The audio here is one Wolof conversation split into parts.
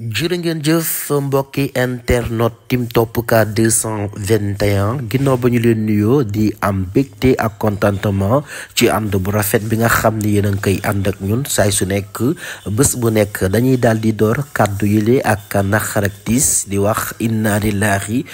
jërë ngeen jëf mbokki internet tim topp ka 221 ginnaaw ba ñu leen nuyoo di am bégte ak contentement ci ànd bu rafet bi nga xam ni yéen a koy ànd ak ñun saay su nekk bés bu nekk dañuy daal di door kàddu yile ak naqar ak di wax inna ile yi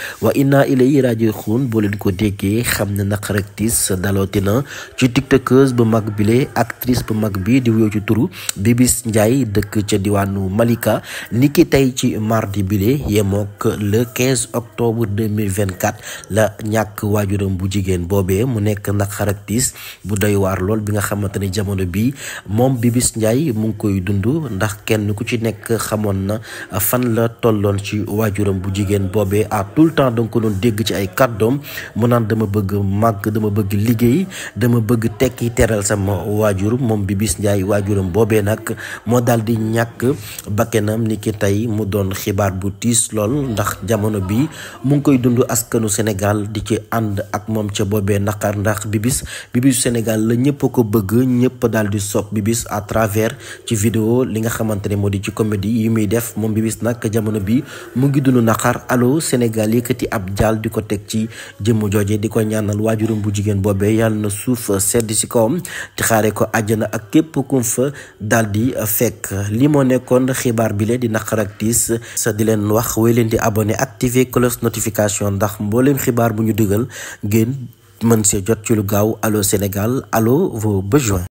inna ilayhi raji'un boo leen ko déggee xam ne naqar ak tiis dalooti na ci tiktokeuse bu mag bile actrice bu mag bi di wuyoo ci turu Bibis Ndiaye dëkk ca diwaanu Malika ni ki tey ci mardi bile yemook le 15 octobre 2024 la ñàkk waajuram bu jigéen boobee mu nekk nag xaraktis bu doy waar lool bi nga xamante ne jamono bii moom bi bis njaay mu ngi koy dund ndax kenn ku ci nekk xamoon na fan la tolloon ci waajuram bu jigéen boobee à tout le temps danga ko doon dégg ci ay kàddoom mu naan dama bëgg màgg dama bëgg liggéey dama bëgg tekki teral sama waajur moom bi bis Ndiaye waajuram boobee nag moo daal di ñàkk bakkenam niki tey mu doon xibaar bu tiis lool ndax jamono bi mu ngi koy dund askanu Sénégal di ci ànd ak moom ca boobee naqar ndax Bibis Bibisu Sénégal la ñëpp a ko bëgg ñëpp daal di sopp Bibis à travers ci vidéo li nga xamante ne moo di ci comédie yi muy def moom Bibis nag jamono bi mu ngi dund naqar allo Sénégal yëkkati ab jaal di ko teg ci jëm jooje di ko ñaanal waajuram bu jigéen boobe yàlla na suuf sedd si kawam te ko àjjana ak képp kum fa daal di fekk li moo nekkoon naqar ak sa di leen wax wéy leen di abonné activer cloche notification ndax mbooleem xibaar bu ñu dugal ngeen mën see jot ci lu gaaw Allô Sénégal Allô vos besoins